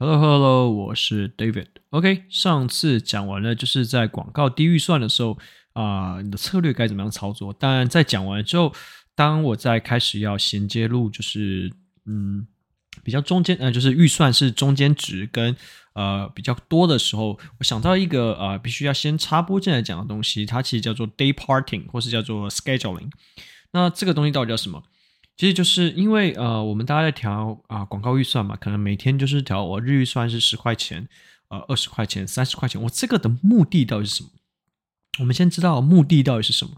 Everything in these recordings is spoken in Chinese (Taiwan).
Hello Hello，我是 David。OK，上次講完了，就是在廣告低預算的時候啊，呃，你的策略該怎麼樣操作？但在講完之後，當我在開始要銜接入，就是嗯，比較中間，呃，就是預算是中間值跟呃比較多的時候，我想到一個呃，必須要先插播進來講的東西，它其實叫做 day parting 或是叫做 scheduling。那這個東西到底叫什麼？其實就是因為呃，我們大家在調啊、呃、廣告預算嘛，可能每天就是調我日預算是十塊錢，呃，二十塊錢，三十塊錢，我這個的目的到底是什麼？我們先知道的目的到底是什麼，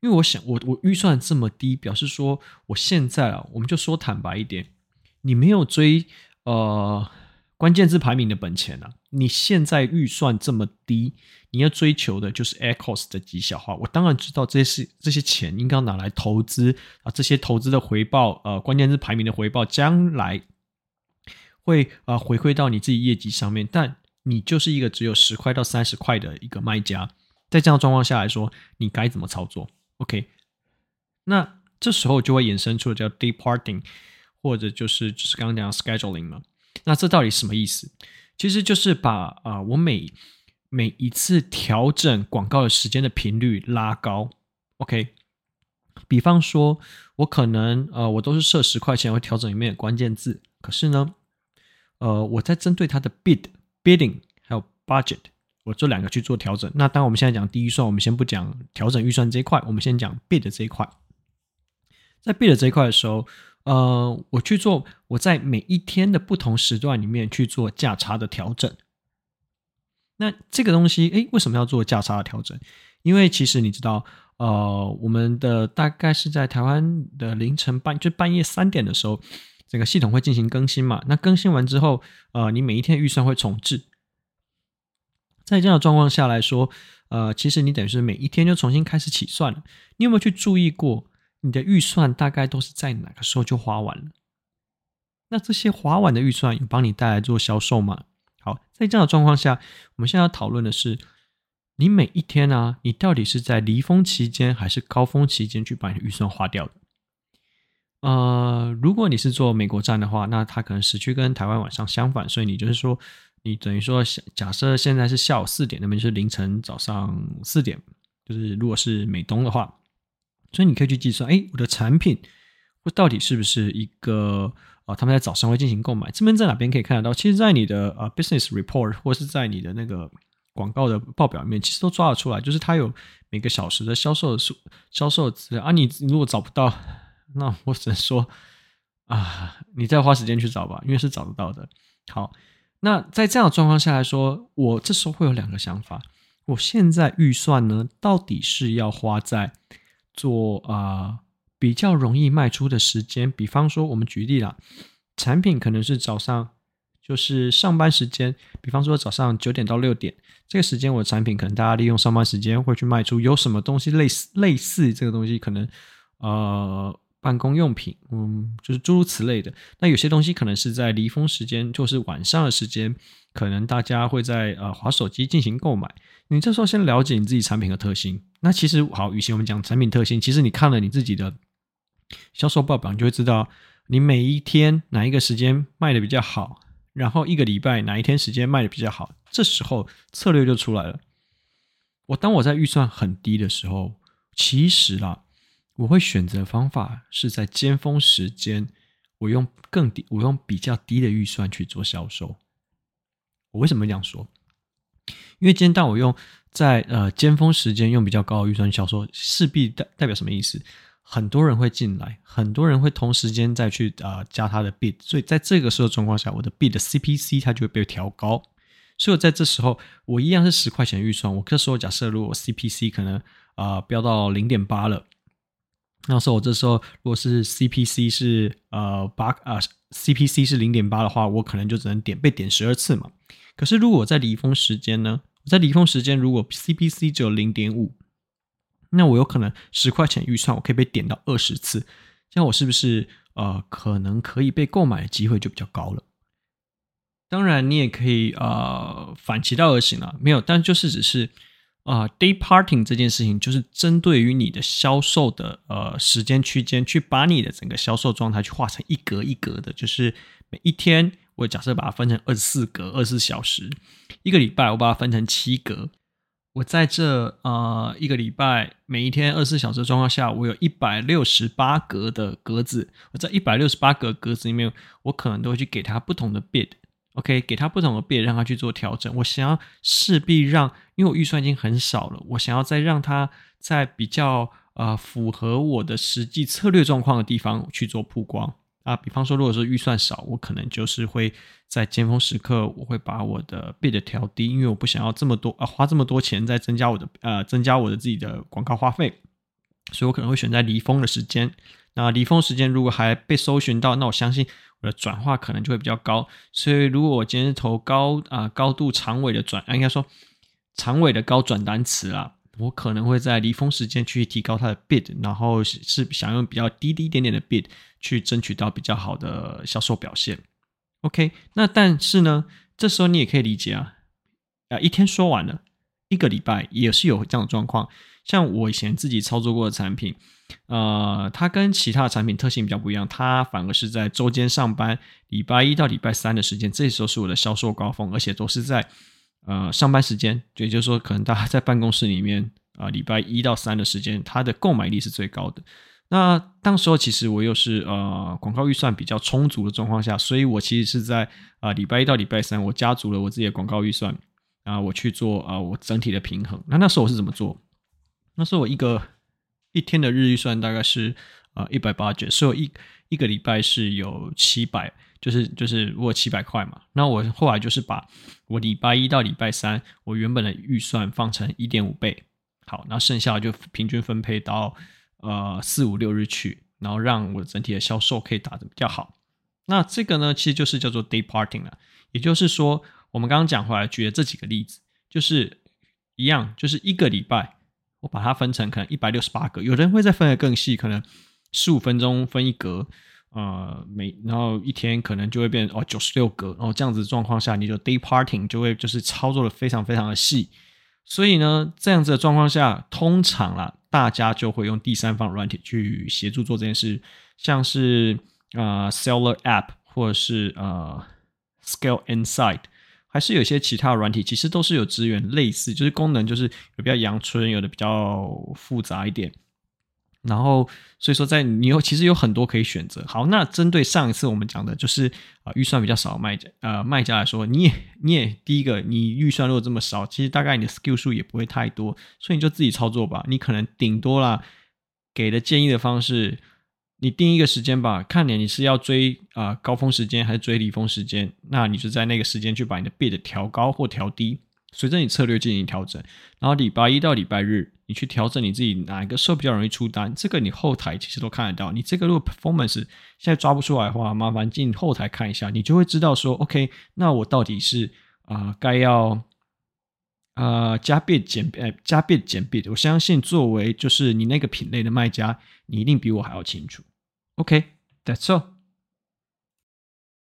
因為我想我我預算這麼低，表示說我現在啊，我們就說坦白一點，你沒有追呃。關鍵字排名的本錢呢、啊，你現在預算這麼低，你要追求的就是 air cost 的極小化。我當然知道這些是這些錢應該要拿來投資啊，這些投資的回報，呃，關鍵字排名的回報，將來會呃回饋到你自己業績上面。但你就是一個只有十塊到三十塊的一個賣家，在這樣的狀況下來說，你該怎麼操作？OK，那這時候就會衍生出叫 dayparting，或者就是就是剛剛講的 scheduling 嘛。那這到底什麼意思？其實就是把啊、呃，我每每一次調整廣告的時間的頻率拉高，OK。比方說，我可能呃，我都是設十塊錢，我調整裡面的關鍵字。可是呢，呃，我在針對它的 bid bidding 還有 budget，我做兩個去做調整。那當我們現在講低預算，我們先不講調整預算這一塊，我們先講 bid 這一塊。在 bid 這一塊的時候。呃，我去做，我在每一天的不同時段裡面去做價差的調整。那這個東西，誒、欸，為什麼要做價差的調整？因為其實你知道，呃，我們的大概是在台灣的凌晨半，就半夜三點的時候，整個系統會進行更新嘛。那更新完之後，呃，你每一天預算會重置。在這樣的狀況下來說，呃，其實你等於是每一天就重新開始起算了。你有沒有去注意過？你的預算大概都是在哪個時候就花完了？那這些花完的預算有幫你帶來做銷售嗎？好，在這樣的狀況下，我們現在要討論的是，你每一天呢、啊，你到底是在離峰期間還是高峰期間去把你的預算花掉的？呃，如果你是做美國站的話，那它可能時區跟台灣晚上相反，所以你就是說，你等於說，假設現在是下午四點，那邊就是凌晨早上四點，就是如果是美東的話。所以你可以去計算，哎，我的產品或到底是不是一個啊、哦？他們在早上會進行購買，這邊在哪邊可以看得到？其實，在你的啊、呃、Business Report 或是在你的那個廣告的報表裡面，其實都抓得出來。就是它有每個小時的銷售數、銷售的資料啊。你如果找不到，那我只能說啊，你再花時間去找吧，因為是找得到的。好，那在這樣的狀況下來說，我這時候會有兩個想法：我現在預算呢，到底是要花在？做啊、呃，比較容易賣出的時間，比方說，我們舉例了，產品可能是早上，就是上班時間，比方說早上九點到六點這個時間，我的產品可能大家利用上班時間會去賣出。有什麼東西類似類似這個東西，可能呃辦公用品，嗯，就是諸如此類的。那有些東西可能是在離峰時間，就是晚上的時間，可能大家會在呃滑手機進行購買。你這時候先了解你自己產品的特性。那其實好，以前我們講產品特性，其實你看了你自己的銷售報表，你就會知道你每一天哪一個時間賣的比較好，然後一個禮拜哪一天時間賣的比較好，這時候策略就出來了。我當我在預算很低的時候，其實啦、啊，我會選擇的方法是在尖峰時間，我用更低，我用比較低的預算去做銷售。我為什麼這樣說？因為今天當我用在呃尖峰時間用比較高的預算小說，想說勢必代代表什麼意思？很多人會進來，很多人會同時間再去啊、呃、加他的 bid，所以在這個時候狀況下，我的 bid 的 CPC 它就會被調高。所以我在這時候，我一樣是十塊錢預算。我這時候假設如果 CPC 可能啊飆、呃、到零點八了，那時候我這時候如果是 CPC 是呃八呃、啊、CPC 是零點八的話，我可能就只能點被點十二次嘛。可是如果我在離峰時間呢？在離峰時間，如果 CPC 只有零點五，那我有可能十塊錢預算，我可以被點到二十次。這樣我是不是呃，可能可以被購買的機會就比較高了？當然，你也可以呃，反其道而行了、啊。沒有，但就是只是啊、呃，day parting 這件事情，就是針對於你的銷售的呃時間區間，去把你的整個銷售狀態去畫成一格一格的，就是每一天。我假設把它分成二十四格，二十四小時，一個禮拜，我把它分成七格。我在這呃一個禮拜，每一天二十四小時的狀況下，我有一百六十八格的格子。我在一百六十八格格子裡面，我可能都會去給它不同的 bid。OK，給它不同的 bid，讓它去做調整。我想要勢必讓，因為我預算已經很少了，我想要再讓它在比較啊、呃、符合我的實際策略狀況的地方去做曝光。啊，比方說，如果說預算少，我可能就是會在尖峰時刻，我會把我的 bid 調低，因為我不想要這麼多啊，花這麼多錢再增加我的呃，增加我的自己的廣告花費，所以我可能會選在離峰的時間。那離峰時間如果還被搜尋到，那我相信我的轉化可能就會比較高。所以如果我今天是投高啊、呃，高度長尾的轉啊，應該說長尾的高轉單詞啊。我可能會在離峰時間去提高它的 bid，然後是想用比較低低一點點的 bid 去爭取到比較好的銷售表現。OK，那但是呢，這時候你也可以理解啊，啊一天說完了，一個禮拜也是有這樣的狀況。像我以前自己操作過的產品，呃，它跟其他的產品特性比較不一樣，它反而是在周間上班，禮拜一到禮拜三的時間，這時候是我的銷售高峰，而且都是在。呃，上班時間，就也就是說，可能大家在辦公室裡面，啊、呃，禮拜一到三的時間，它的購買力是最高的。那當時候，其實我又是呃，廣告預算比較充足的狀況下，所以我其實是在啊、呃，禮拜一到禮拜三，我加足了我自己的廣告預算，啊、呃，我去做啊、呃，我整體的平衡。那那時候我是怎麼做？那時候我一個一天的日預算大概是啊一百八九，呃、1809, 所以我一一個禮拜是有七百。就是就是，如果七百塊嘛，那我後來就是把我禮拜一到禮拜三我原本的預算放成一點五倍，好，那剩下的就平均分配到呃四五六日去，然後讓我整體的銷售可以打得比較好。那這個呢，其實就是叫做 day parting 了，也就是說，我們剛剛講回來舉的這幾個例子，就是一樣，就是一個禮拜我把它分成可能一百六十八個，有人會再分得更細，可能十五分鐘分一格。呃，每然後一天可能就會變哦，九十六格，然後這樣子狀況下，你就 day parting 就會就是操作的非常非常的細，所以呢，這樣子的狀況下，通常啦，大家就會用第三方軟體去協助做這件事，像是呃 seller app 或者是呃 scale insight，還是有些其他軟體，其實都是有資源類似，就是功能就是有比較陽春，有的比較複雜一點。然後，所以說在你有其實有很多可以選擇。好，那針對上一次我們講的，就是啊、呃、預算比較少賣家呃賣家來說，你也你也第一個，你預算如果這麼少，其實大概你的 SKU 數也不會太多，所以你就自己操作吧。你可能頂多啦，給的建議的方式，你定一個時間吧，看你你是要追啊、呃、高峰時間還是追離峰時間，那你就在那個時間去把你的 bid 調高或調低，隨着你策略進行調整。然後禮拜一到禮拜日。你去調整你自己哪一個時段，比較容易出單，這個你後台其實都看得到。你這個如果 performance 現在抓不出來的話，麻煩進後台看一下，你就會知道說 OK，那我到底是啊、呃、該要啊、呃、加 bid 減 bid、呃、加 bid 減 bid。我相信作為就是你那個品類的賣家，你一定比我還要清楚。OK，that's all。